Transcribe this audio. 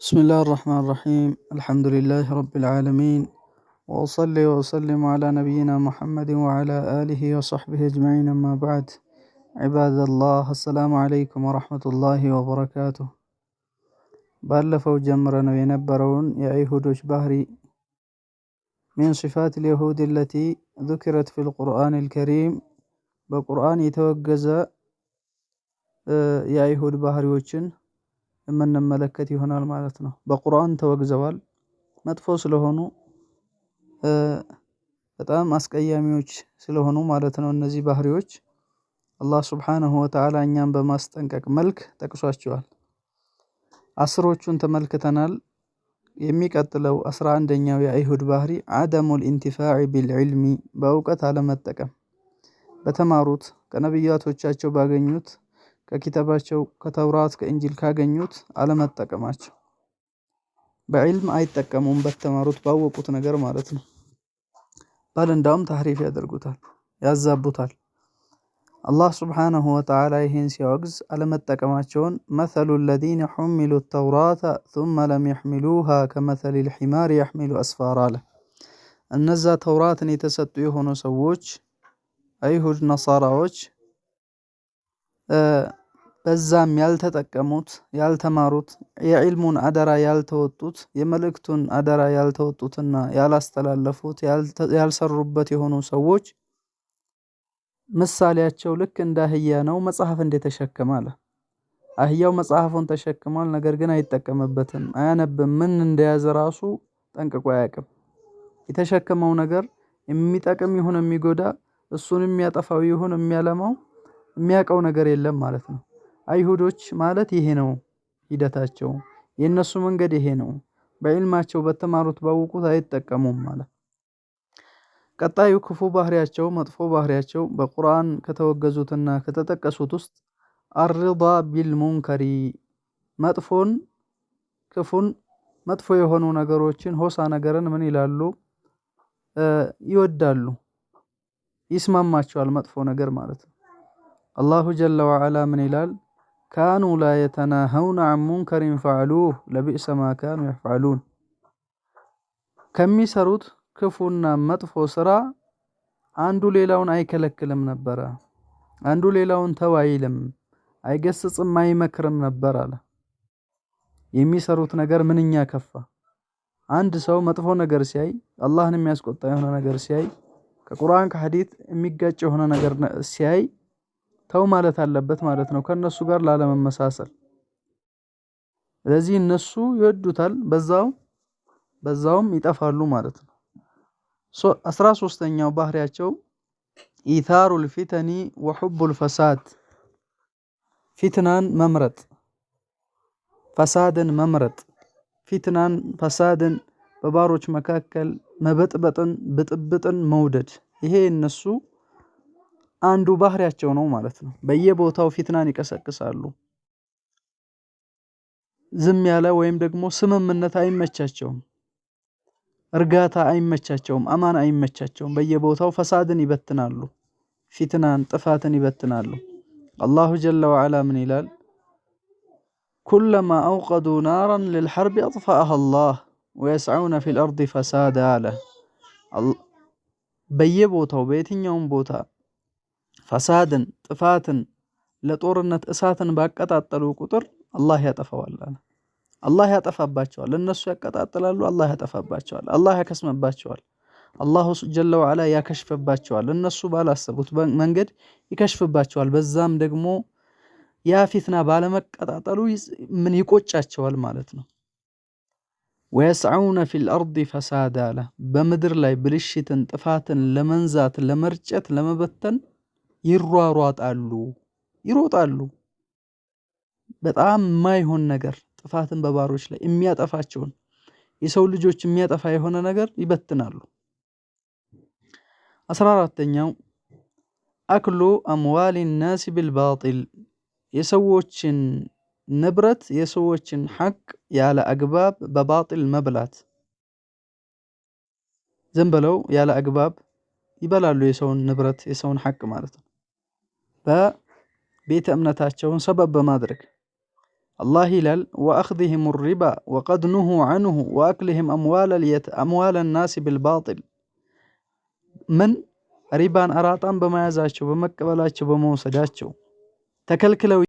بسم الله الرحمن الرحيم الحمد لله رب العالمين وأصلي وأسلم على نبينا محمد وعلى آله وصحبه أجمعين أما بعد عباد الله السلام عليكم ورحمة الله وبركاته بألفوا جمرا وينبرون يا أيهود بهري من صفات اليهود التي ذكرت في القرآن الكريم بقرآن يتوجز آه، يا أيهود بهري وشن የምንመለከት ይሆናል ማለት ነው። በቁርአን ተወግዘዋል መጥፎ ስለሆኑ በጣም አስቀያሚዎች ስለሆኑ ማለት ነው። እነዚህ ባህሪዎች አላህ ሱብሓነሁ ወተዓላ እኛን በማስጠንቀቅ መልክ ጠቅሷቸዋል። አስሮቹን ተመልክተናል። የሚቀጥለው አስራ አንደኛው የአይሁድ ባህሪ አደሙል ኢንቲፋዕ ቢልዕልሚ በእውቀት አለመጠቀም በተማሩት ከነቢያቶቻቸው ባገኙት ከኪታባቸው ከተውራት ከእንጂል ካገኙት አለመጠቀማቸው በዕልም አይጠቀሙም፣ በተማሩት ባወቁት ነገር ማለት ነው። ባል እንዳውም ታህሪፍ ያደርጉታል፣ ያዛቡታል። አላህ ስብሓነሁ ወተዓላ ይህን ሲያወግዝ አለመጠቀማቸውን መሰሉ ለዚነ ሑሚሉ ተውራተ ሱመ ለም የሕሚሉሃ ከመሰሊ ልሒማር የሕሚሉ አስፋር አለ። እነዛ ተውራትን የተሰጡ የሆኑ ሰዎች አይሁድ፣ ነሳራዎች በዛም ያልተጠቀሙት ያልተማሩት የዕልሙን አደራ ያልተወጡት የመልእክቱን አደራ ያልተወጡትና ያላስተላለፉት ያልሰሩበት የሆኑ ሰዎች ምሳሌያቸው ልክ እንደ አህያ ነው። መጽሐፍ እንደተሸከመ አለ። አህያው መጽሐፉን ተሸክሟል፣ ነገር ግን አይጠቀምበትም፣ አያነብም። ምን እንደያዘ ራሱ ጠንቅቆ አያውቅም። የተሸከመው ነገር የሚጠቅም ይሁን የሚጎዳ፣ እሱን የሚያጠፋው ይሁን የሚያለማው የሚያውቀው ነገር የለም ማለት ነው። አይሁዶች ማለት ይሄ ነው ሂደታቸው የእነሱ መንገድ ይሄ ነው በዕልማቸው በተማሩት ባወቁት አይጠቀሙም ማለት። ቀጣዩ ክፉ ባህሪያቸው መጥፎ ባህሪያቸው በቁርአን ከተወገዙትና ከተጠቀሱት ውስጥ አርዳ ቢልሙንከሪ መጥፎን ክፉን መጥፎ የሆኑ ነገሮችን ሆሳ ነገርን ምን ይላሉ? ይወዳሉ ይስማማቸዋል መጥፎ ነገር ማለት ነው። አላሁ ጀለ ወዐላ ምን ይላል? ካኑ ላ የተናሀውነ አን ሙንከሪን ፈዐሉህ ለቢእሰ ማ ካኑ የፍዐሉን ከሚሰሩት ክፉና መጥፎ ስራ አንዱ ሌላውን አይከለክልም ነበረ። አንዱ ሌላውን ተው አይልም፣ አይገስጽም፣ አይመክርም ነበር አለ። የሚሰሩት ነገር ምንኛ ከፋ! አንድ ሰው መጥፎ ነገር ሲያይ፣ አላህን የሚያስቆጣ የሆነ ነገር ሲያይ፣ ከቁርአን ከሐዲት የሚጋጭ የሆነ ነገር ሲያይ ተው ማለት አለበት ማለት ነው ከነሱ ጋር ላለመመሳሰል። ስለዚህ እነሱ ይወዱታል በዛው በዛውም ይጠፋሉ ማለት ነው። አስራ ሶስተኛው ባህሪያቸው ኢታሩል ፊተኒ ወሑቡል ፈሳድ ፊትናን መምረጥ ፈሳድን መምረጥ ፊትናን ፈሳድን በባሮች መካከል መበጥበጥን ብጥብጥን መውደድ ይሄ እነሱ አንዱ ባህሪያቸው ነው ማለት ነው። በየቦታው ፊትናን ይቀሰቅሳሉ። ዝም ያለ ወይም ደግሞ ስምምነት አይመቻቸውም፣ እርጋታ አይመቻቸውም፣ አማን አይመቻቸውም። በየቦታው ፈሳድን ይበትናሉ፣ ፊትናን፣ ጥፋትን ይበትናሉ። አላሁ ጀለ ወዐላ ምን ይላል? ኩለማ አውቀዱ ናራን ልልሐርቢ አጥፋአሃ አላህ ወየስዐውነ ፊልአርድ ፈሳዳ አለ። በየቦታው በየትኛውም ቦታ ፈሳድን ጥፋትን ለጦርነት እሳትን ባቀጣጠሉ ቁጥር አላህ ያጠፋዋል አለ። አላህ ያጠፋባቸዋል። እነሱ ያቀጣጥላሉ፣ አላህ ያጠፋባቸዋል። አላህ ያከስመባቸዋል። አላሁ ጀለ ወዐላ ያከሽፍባቸዋል። እነሱ ባላሰቡት መንገድ ይከሽፍባቸዋል። በዛም ደግሞ ያ ፊትና ባለመቀጣጠሉ ምን ይቆጫቸዋል ማለት ነው። ወየስዐውነ ፊል አርዲ ፈሳዳ አለ። በምድር ላይ ብልሽትን ጥፋትን ለመንዛት ለመርጨት ለመበተን ይሯሯጣሉ ይሮጣሉ በጣም የማይሆን ነገር ጥፋትን በባሮች ላይ የሚያጠፋቸውን የሰው ልጆች የሚያጠፋ የሆነ ነገር ይበትናሉ። አስራ አራተኛው አክሉ አምዋል ናስ ብልባጢል የሰዎችን ንብረት የሰዎችን ሐቅ ያለ አግባብ በባጢል መብላት። ዝም ብለው ያለ አግባብ ይበላሉ የሰውን ንብረት የሰውን ሐቅ ማለት ነው። با بيت أمنتاش سبب بمادرك الله هلال وأخذهم الربا وقد نهوا عنه وأكلهم أموال اليت أموال الناس بالباطل من ريبان أراطان بما يزاشو بمكة بلاشو بموسى جاشو تكلكلو